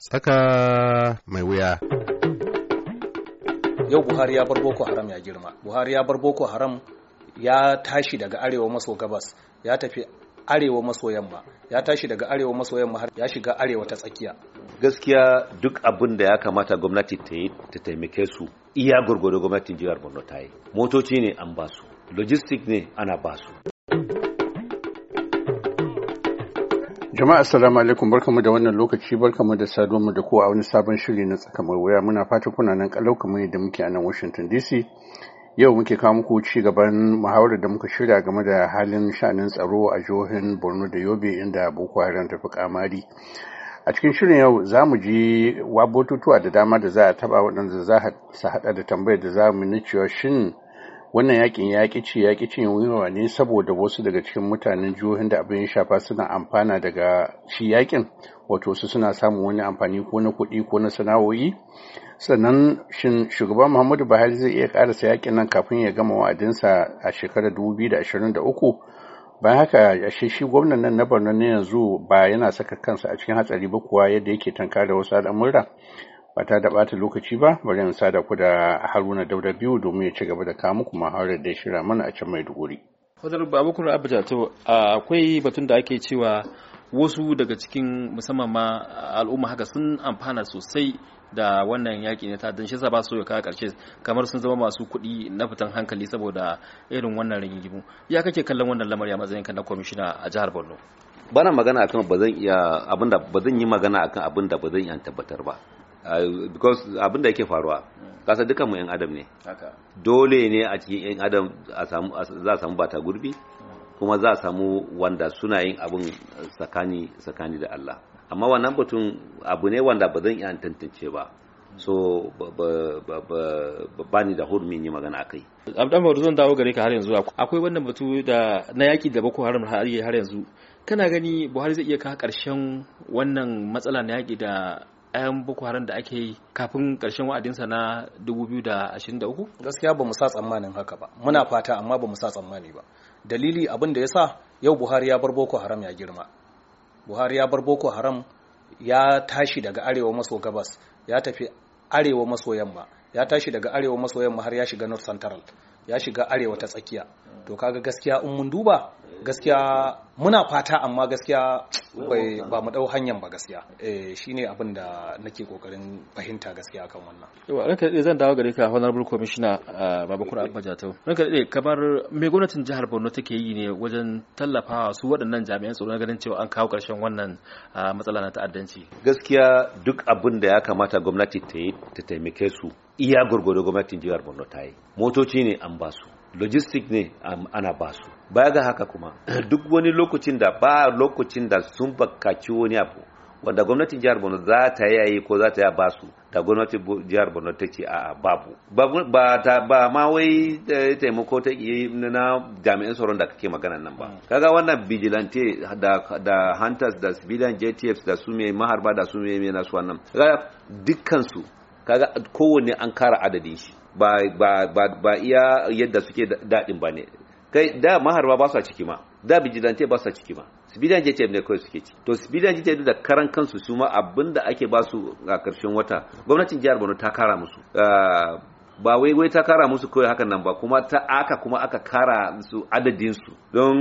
Tsaka mai wuya. Yau Buhari ya bar Boko Haram ya girma. Buhari ya bar Boko Haram ya tashi daga arewa maso gabas, ya tafi arewa maso yamma, ya tashi daga arewa maso yamma har ya shiga arewa ta tsakiya. Gaskiya duk abin da ya kamata gwamnati ta yi ta taimake su iya gwargwado gwamnatin jihar Borno ta yi. Motoci ne an basu, logistic ne ana basu. Jama'a assalamu alaikum barkamu da wannan lokaci barkamu da mu da kowa wani sabon shiri na tsakamar waya muna fata kuna nan kalau kamar yadda muke a nan Washington DC yau muke kawo muku ci gaban muhawarar da muka shirya game da halin sha'anin tsaro a jihohin Borno da Yobe inda Boko Haram tafi kamari a cikin shirin yau za mu ji wabo tutuwa da dama da za a taba waɗanda za su haɗa da tambayar da za mu ni cewa shin wannan yakin ya ce ya ci yawa ne saboda wasu daga cikin mutanen jihohin da abin ya shafa suna amfana daga shi yakin wato su suna samun wani amfani ko na kuɗi ko na sana'o'i sannan shin shugaban muhammadu buhari zai iya karasa yakin nan kafin ya gama wa'adinsa a shekarar 2023 bayan haka ashe shi gwamnan nan na borno na yanzu ba yana saka kansa a cikin hatsari ba kuwa yadda yake da wasu al'amura ba ta da ɓata lokaci ba bari in sada ku da haruna dauda biyu domin ya ci gaba da kamu kuma har da shira mana a can maiduguri fadar abubakar abuja to akwai batun da ake cewa wasu daga cikin musamman ma al'umma haka sun amfana sosai da wannan yaƙi ne ta don shi ba so ya kawo ƙarshe kamar sun zama masu kuɗi na fitan hankali saboda irin wannan rigingimu ya kake kallon wannan lamari a matsayin ka na kwamishina a jihar borno bana magana akan ba zan iya abinda ba zan yi magana akan abin da ba zan iya tabbatar ba Ah, because abin da yake faruwa kasa dukan mu yan adam ne dole ne a cikin yan adam za a samu bata gurbi kuma za a samu wanda suna yin abin tsakani tsakani da Allah amma wannan batun abu ne wanda ba zan iya tantance ba so ba ni da hurumin yi magana akai abdan zan dawo gare ka har yanzu akwai wannan batu da na yaki da boko haram har yanzu kana gani buhari zai iya ka karshen wannan matsala na yaki da 'yan boko haram da ake yi kafin karshen wa'adinsa na 2023 gaskiya ba mu sa tsammanin haka ba muna fata amma ba mu sa tsammani ba dalili abin da ya sa yau buhari ya bar boko haram ya girma buhari ya bar boko haram ya tashi daga arewa maso gabas ya tafi arewa maso yamma ya tashi daga arewa maso yamma har ya shiga north central ya shiga arewa ta tsakiya to kaga gaskiya in mun duba gaskiya muna fata amma gaskiya ba mu dau hanyar ba gaskiya eh shine abin da nake kokarin fahimta gaskiya kan wannan yawa ranka dai zan dawo gare ka honorable commissioner uh, Babakur Abba Jatau ranka dai kamar me gwamnatin jihar Borno take yi ne wajen tallafawa su waɗannan jami'an tsaro ganin cewa an kawo ƙarshen wannan uh, matsala na ta'addanci gaskiya duk abin da ya kamata gwamnati ta yi ta taimake su iya gurgurdo gwamnatin jihar Borno ta yi motoci ne an ba su logistic ne ana su baya ga haka kuma duk wani lokacin da ba lokacin da sun bakaci wani abu wanda gwamnatin jihar borno za ta yayi ko za ta ya su da gwamnatin jihar borno ta ce a babu ba ma wai eh, taimako ta na jami'an tsaron da kake magana nan ba mm. kaga wannan vigilante da hunters da civilian jtfs da su mai maharba da su mai nasu wannan kaga dukkan su kaga kowanne an kara adadin shi ba ba ba ba iya yadda suke daɗin ba ne kai da maharba ba sa ciki ma da bijidante ba sa ciki ma spidan jeje ne kawai suke ci to spidan jeje da karan kansu su ma abinda ake ba su a karshen wata gwamnatin jihar Borno ta kara musu ah, ba wai wai ta kara musu kawai hakan nan ba kuma ta aka kuma aka kara su adadin su don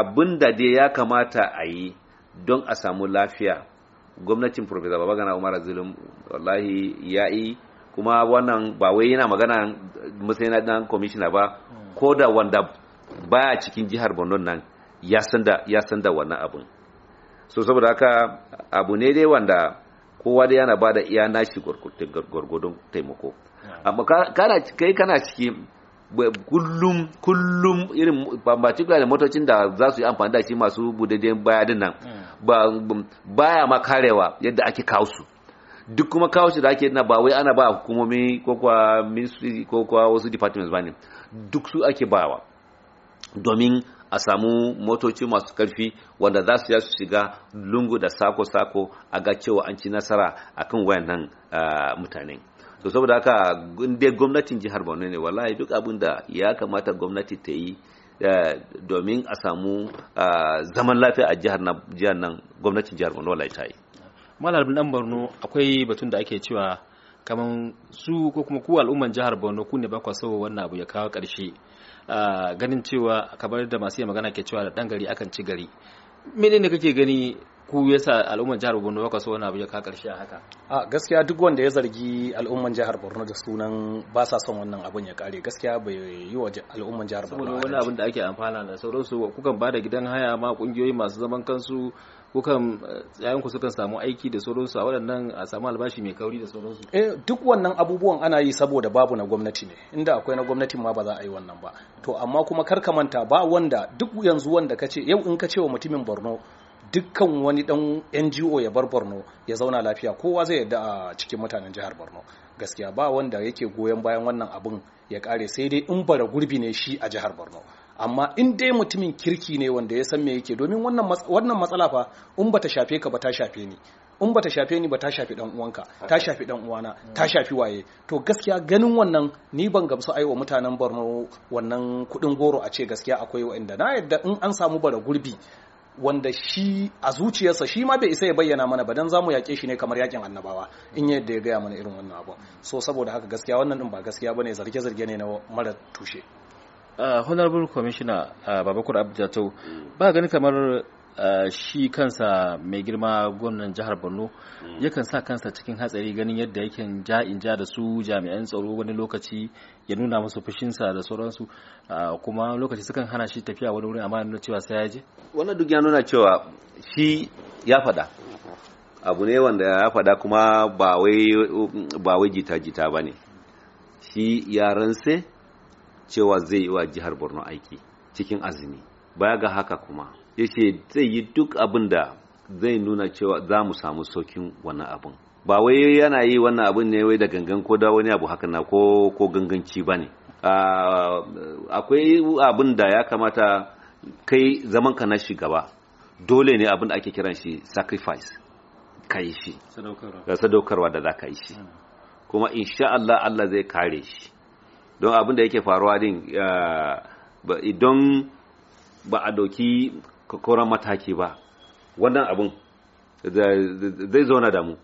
abinda dai ya kamata a yi don a samu lafiya gwamnatin Professor Babagana Umar Zulum wallahi ya yi kuma wannan ba wai yana magana musayin dan commissioner ba hmm. ko da wanda baya cikin jihar Borno nan ya san da ya san da wannan abun so saboda haka abu ne dai wanda kowa dai yana bada iya nashi gurgurdun taimako hmm. amma kana kai kana ciki kullum kullum irin particular da motocin da za su yi amfani da shi masu budadden baya nan hmm. ba baya ma karewa yadda ake kawo su duk kuma kawo shi da ake na ba wai ana ba hukumomi ko kwa ministry ko kwa wasu departments ba ne duk su ake bawa domin a samu motoci masu karfi wanda za su su shiga lungu da sako-sako a ga cewa an ci nasara a akan wayannan mutanen to saboda haka dai gwamnatin jihar Borno ne wallahi duk abin da ya kamata gwamnati ta yi eh, domin a samu zaman lafiya a jihar nan gwamnatin jihar Borno wallahi ta yi malar dan borno akwai batun da ake cewa kamar su ko kuma ku al'umman jihar borno kune ne ba kwaso wannan abu ya kawo ƙarshe ah, ganin cewa kamar da masu yi magana ke cewa da ɗan gari akan ci gari mene ne kake gani ku yasa al'umman jihar Borno ka so wani abu ya ka karshe a haka a gaskiya duk wanda ya zargi al'umman jihar Borno da sunan ba sa son wannan abun ya kare gaskiya bai yi wa al'umman jihar Borno saboda wani abin da ake amfana da sauran su kukan bada gidan haya ma kungiyoyi masu zaman kansu kukan eh, yayin ku sukan samu aiki da sauran su a waɗannan a samu albashi mai kauri da sauran su eh duk wannan abubuwan ana yi saboda babu na gwamnati ne inda akwai na gwamnati ma ba za a yi wannan ba to amma kuma kar ka manta ba wanda duk yanzu wanda kace yau in ka ce wa mutumin Borno dukkan wani dan NGO ya bar Borno ya zauna lafiya kowa zai yarda a cikin mutanen jihar Borno gaskiya ba wanda yake goyon bayan wannan abun ya kare sai dai in bara gurbi ne shi a jihar Borno amma in dai mutumin kirki ne wanda ya san me yake domin wannan wannan matsala fa in bata shafe ka ba ta shafe ni in bata shafe ni ba ta shafi dan uwanka ta shafi dan uwana ta shafi waye to gaskiya ganin wannan ni ban gamsu ai wa mutanen Borno wannan kudin goro a ce gaskiya akwai wa'anda na yadda in an samu bara gurbi wanda shi a zuciyarsa shi ma bai isa ya bayyana mana ba dan zamu yake shi ne kamar yakin annabawa in yadda ya gaya mana irin wannan abu so saboda haka gaskiya wannan din ba gaskiya bane zarge zarge ne na mara tushe uh, honorable commissioner uh, babakur abdullatau ba gani kamar shi kansa mai girma gwamnan jihar borno mm. yakan sa kansa cikin hatsari ganin yadda yake ja in ja da su jami'an tsaro wani lokaci ya nuna musu fushinsa da sauransu kuma lokaci sukan hana shi tafiya wani wurin amma nuna cewa sai ya je wannan duk ya nuna cewa shi ya faɗa abu ne wanda ya faɗa kuma ba wai jita jita ba ne shi ya rantse cewa zai yi wa jihar borno aiki cikin azumi baya ga haka kuma ya ce zai yi duk abin da zai nuna cewa za mu samu saukin wannan abin ba wai yana yi wannan abin ne wai da gangan ko da wani abu haka na ko ko ganganci ba ne akwai abin da ya kamata kai zaman ka na shugaba dole ne abin da ake kiran shi sacrifice ka yi shi sadaukarwa da za ka yi shi kuma insha Allah Allah zai kare shi don abin da yake faruwa din idan ba a dauki kakoran mataki ba wannan abun zai zauna da mu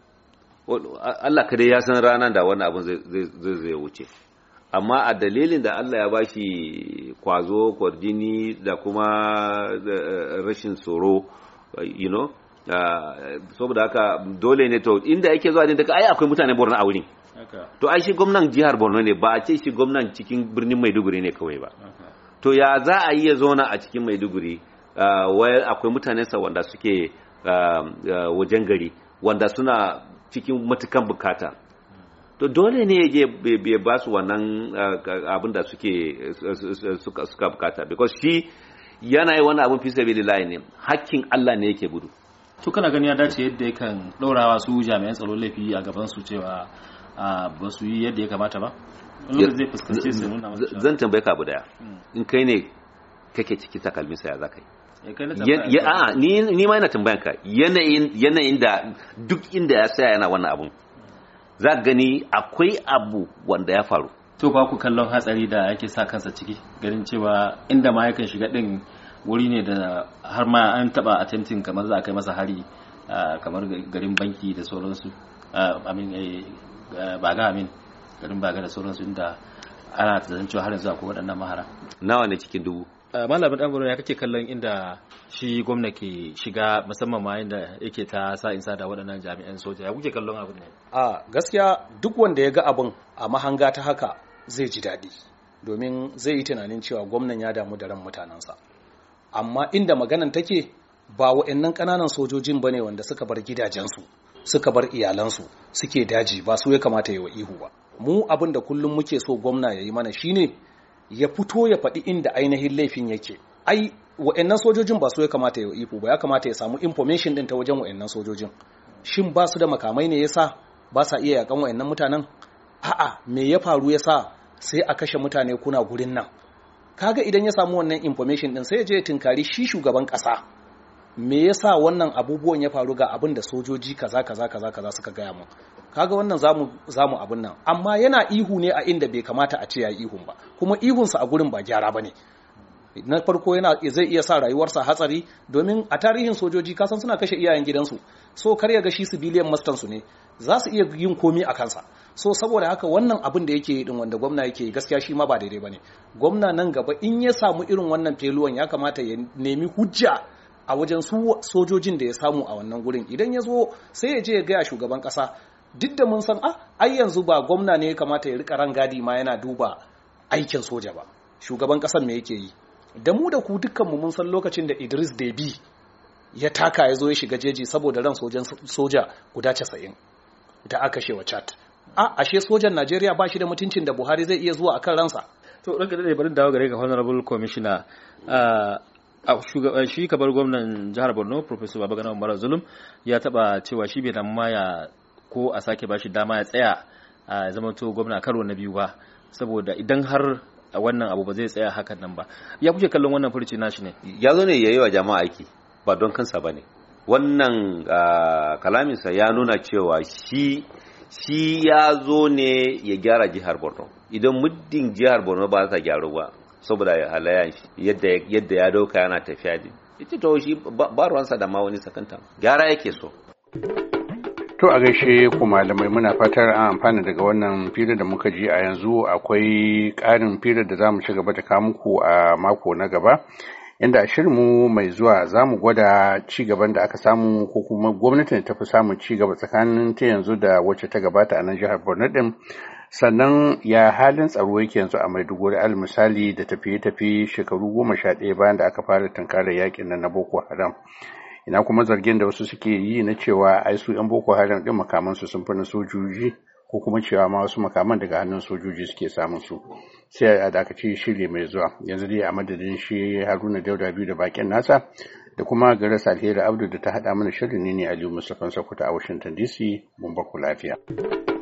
Allah kadai ya san ranar da wannan abun zai zai wuce amma a dalilin da Allah ya bashi kwazo kwarjini da kuma rashin tsoro you know saboda haka dole ne to inda yake zuwa ne daga ai akwai mutane Borno a wurin to ai shi gwamnan jihar Borno ne ba a ce shi gwamnan cikin birnin Maiduguri ne kawai ba to ya za a yi ya zauna a cikin maiduguri ah, wai akwai mutanensa wanda suke ah, ah, wajen gari wanda suna cikin matukan bukata to dole ne ya bai ba su wannan abin da suke suka bukata because shi yana yi wani abin fisa sabilillahi ne hakkin Allah ne yake gudu to kana gani ya dace yadda ya kan ɗaurawa su jami'an tsaro laifi a gaban su cewa ba su yi yadda ya kamata ba zan tambaye ka abu daya hmm. in kai ne kake ciki takalminsa ya zaka yi a ni ma yana tambayan ka yanayin da duk inda ya saya yana wannan abun za gani akwai abu wanda ya faru to ba ku kallon hatsari da yake sa kansa ciki ganin cewa inda ma shiga din wuri ne da har ma an taba attempting kamar za a kai masa hari kamar garin banki da sauransu amin eh, ba ga amin garin baga da sauransu inda ana tunanin cewa har zuwa ko waɗannan mahara nawa ne cikin dubu eh, malamin ɗan ya kake kallon inda shi gwamna ke shiga musamman ma inda yake ta sa in da waɗannan jami'an soja ya kuke kallon abin ne a gaskiya duk wanda ya ga abin a mahanga ta haka zai ji daɗi domin zai yi tunanin cewa gwamnan ya damu da ran mutanensa amma inda maganan take ba wa'annan ƙananan sojojin ba ne wanda suka bar gidajensu suka bar iyalansu suke daji ba su ya kamata yi wa ihu ba mu abin da kullum muke so gwamna ya yi mana Shi ne ya fito ya faɗi inda ainihin laifin yake ai wa'annan sojojin ba su ya kamata ya ihu ba ya kamata ya samu information din ta wajen wa'annan sojojin shin ba su da makamai ne yasa ba sa iya yakan wa'annan mutanen a'a me ya faru ya sa sai a kashe mutane kuna gurin nan kaga idan ya samu wannan information din sai ya je ya tinkari shi shugaban kasa me yasa wannan abubuwan ya faru ga abin da sojoji kaza kaza kaza kaza suka gaya mun kaga wannan zamu zamu abin nan amma yana ihu ne a inda bai kamata a ce ya ihun ba kuma ihunsa a gurin ba gyara ba ne. na farko yana zai iya sa rayuwarsa hatsari domin a tarihin sojoji kasan suna kashe iyayen gidansu so kar ya ga shi civilian mastan su ne za su iya yin komi a kansa so saboda haka wannan abin da yake din wanda gwamna yake gaskiya shi ma ba daidai ne. gwamna nan gaba in ya samu irin wannan feluwan ya kamata ya nemi hujja a wajen su sojojin da ya samu a wannan gurin idan ya zo sai ya je ya gaya shugaban kasa duk da mun san ah, ai yanzu ba gwamna ne ya kamata ya rika rangadi ma yana duba aikin soja ba shugaban kasar me yake yi da mu da ku dukkanmu mun san lokacin da Idris Debi ya taka ya zo ya shiga jeji saboda ran sojan soja guda 90 da aka shewa chat a ah, ashe sojan Najeriya ba shi da mutuncin da Buhari zai iya zuwa akan ransa to ranka da bari dawo gare ga honorable commissioner ah, Eh, shi kabar gwamnan jihar borno professor babagana umar zulum ya taba cewa shi bai dan ya ko a sake bashi dama ya tsaya a to gwamna karo na biyu ba saboda idan har wannan abu ba zai tsaya hakan nan ba ya kuke kallon wannan furuci nashi ne ya zo ne ya yi wa jama'a aiki ba don kansa ba ne wannan kalaminsa ya nuna cewa shi shi ya zo ne ya gyara jihar borno idan muddin jihar borno ba za ta gyaru ba saboda halayya, shi yadda ya dauka yana tafiya din ita to shi ba ruwansa da ma wani sakanta gyara yake so To a gaishe ku malamai muna fatar an amfana daga wannan firar da muka ji a yanzu akwai ƙarin firar da zamu ci gaba da kawo muku a mako na gaba. Inda shirinmu mai zuwa za mu gwada ci gaban da aka samu ko kuma gwamnatin ta fi samun ci gaba tsakanin ta yanzu da wacce ta gabata a nan jihar Borno din sannan ya halin tsaro yake yanzu a maiduguri al misali da tafiye-tafiye shekaru goma sha ɗaya bayan da aka fara tunkarar yakin nan na boko haram ina kuma zargin da wasu suke yi na cewa ai su yan boko haram din makamansu sun fi na sojoji ko kuma cewa ma wasu makaman daga hannun sojoji suke samun su sai a dakaci shiri mai zuwa yanzu dai a madadin shi haruna dauda biyu da bakin nasa da kuma garas alheri abdu da ta haɗa mana shirin ne ne aliyu mustapha sokoto a washington dc mun baku lafiya